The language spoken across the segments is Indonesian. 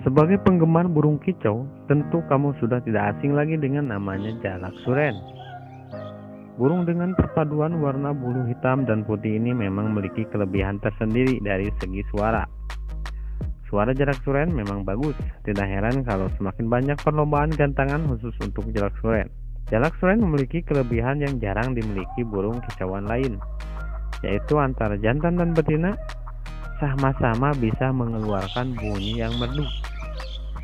Sebagai penggemar burung kicau, tentu kamu sudah tidak asing lagi dengan namanya jalak suren. Burung dengan perpaduan warna bulu hitam dan putih ini memang memiliki kelebihan tersendiri dari segi suara. Suara jalak suren memang bagus, tidak heran kalau semakin banyak perlombaan gantangan khusus untuk jalak suren. Jalak suren memiliki kelebihan yang jarang dimiliki burung kicauan lain, yaitu antara jantan dan betina sama-sama bisa mengeluarkan bunyi yang merdu.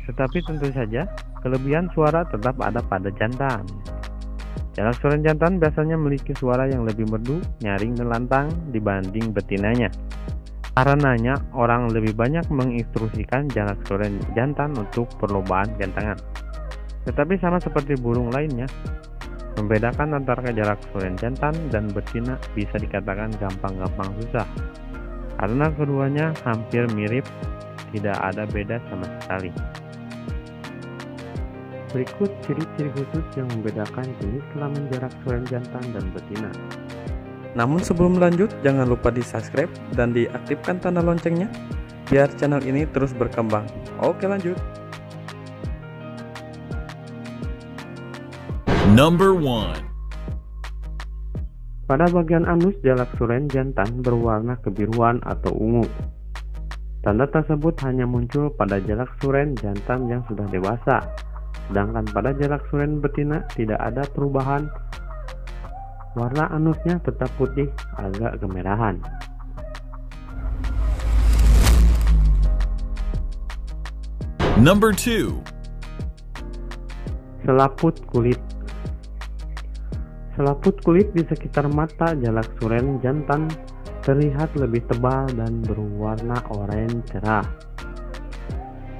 Tetapi tentu saja, kelebihan suara tetap ada pada jantan. Jalak suara jantan biasanya memiliki suara yang lebih merdu, nyaring, dan lantang dibanding betinanya. Karenanya, orang lebih banyak menginstruksikan jalak suara jantan untuk perlombaan gantangan. Tetapi sama seperti burung lainnya, membedakan antara jarak suara jantan dan betina bisa dikatakan gampang-gampang susah. Karena keduanya hampir mirip, tidak ada beda sama sekali. Berikut ciri-ciri khusus yang membedakan jenis kelamin jarak suren jantan dan betina. Namun sebelum lanjut, jangan lupa di subscribe dan diaktifkan tanda loncengnya biar channel ini terus berkembang. Oke lanjut. Number one. Pada bagian anus jalak suren jantan berwarna kebiruan atau ungu. Tanda tersebut hanya muncul pada jalak suren jantan yang sudah dewasa Sedangkan pada jarak suren betina tidak ada perubahan. Warna anusnya tetap putih agak kemerahan. Number 2 Selaput kulit Selaput kulit di sekitar mata jalak suren jantan terlihat lebih tebal dan berwarna oranye cerah.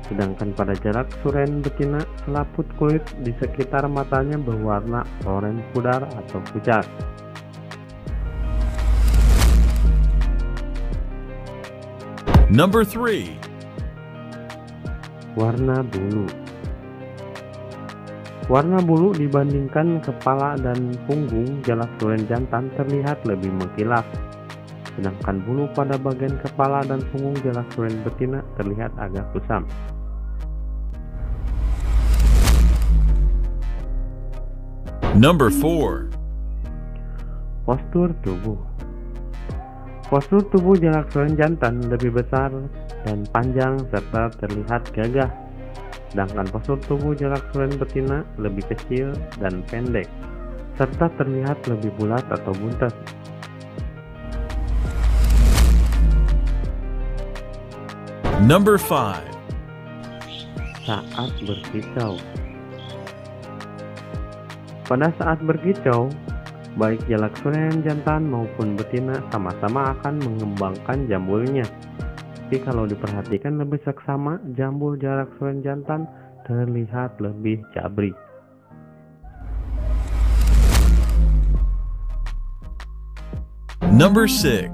Sedangkan pada jarak suren betina, selaput kulit di sekitar matanya berwarna oranye pudar atau pucat. Number 3 Warna bulu Warna bulu dibandingkan kepala dan punggung jelas suren jantan terlihat lebih mengkilap. Sedangkan bulu pada bagian kepala dan punggung jelas suren betina terlihat agak kusam. Number 4 Postur tubuh Postur tubuh jarak suren jantan lebih besar dan panjang serta terlihat gagah sedangkan postur tubuh jarak suren betina lebih kecil dan pendek serta terlihat lebih bulat atau buntet Number 5 Saat berkicau pada saat berkicau, baik jalak suren jantan maupun betina sama-sama akan mengembangkan jambulnya. Tapi kalau diperhatikan lebih seksama, jambul jalak suren jantan terlihat lebih cabri. Number 6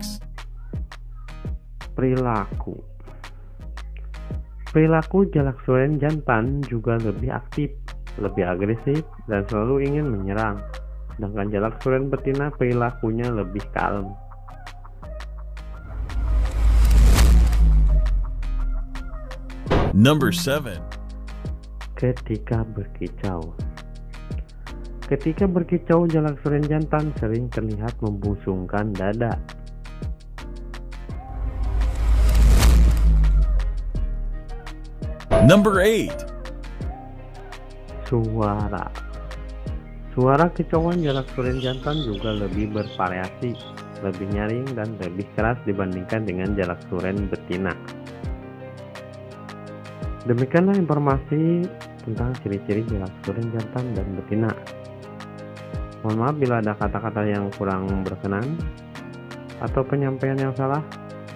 Perilaku Perilaku jalak suren jantan juga lebih aktif lebih agresif dan selalu ingin menyerang. Sedangkan jalak suren betina perilakunya lebih kalem. Number seven. Ketika berkicau. Ketika berkicau, jalak suren jantan sering terlihat membusungkan dada. Number eight suara suara kecoan jarak suren jantan juga lebih bervariasi lebih nyaring dan lebih keras dibandingkan dengan jarak suren betina demikianlah informasi tentang ciri-ciri jarak suren jantan dan betina mohon maaf bila ada kata-kata yang kurang berkenan atau penyampaian yang salah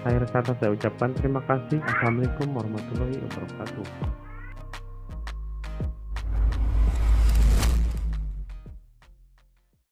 akhir kata saya ucapkan terima kasih. Assalamualaikum warahmatullahi wabarakatuh.